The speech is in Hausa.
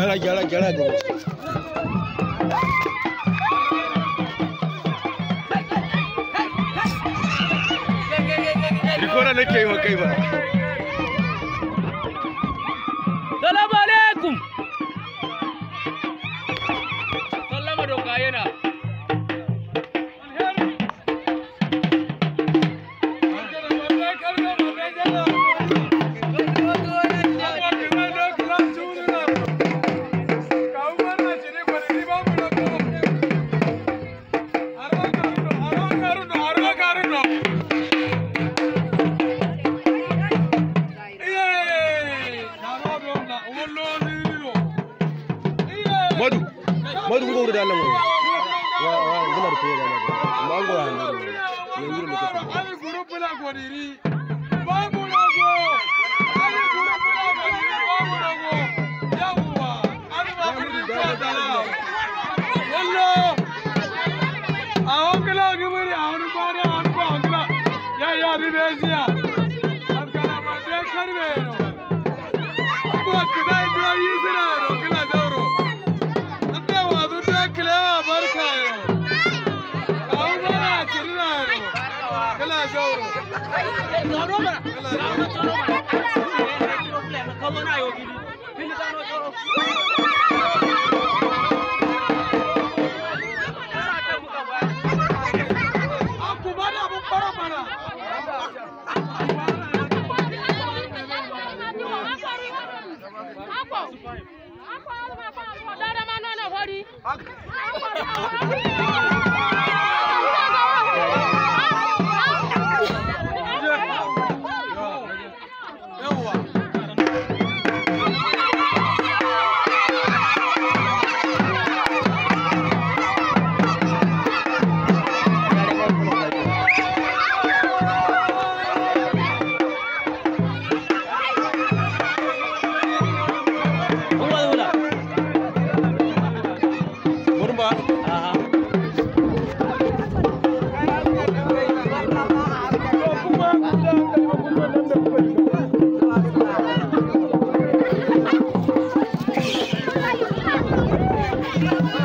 Jala, jala, jala dulu. Dikora nake yi wa kai ba. madu madu kuka wuri da nan wani wa wa zuma da fiye da nan amma an gora hannu yanzu da muke tafi ali guru bula goriri babu rago ali guru bula goriri babu rago yawwa ali ba guru da da wallo a hankala gibiri a wani bari a wani ba hankala ya ya bi beziya hankala ma sai karbe yau Akwa alma pa alma dada manana hori. Akwa alma. Thank you.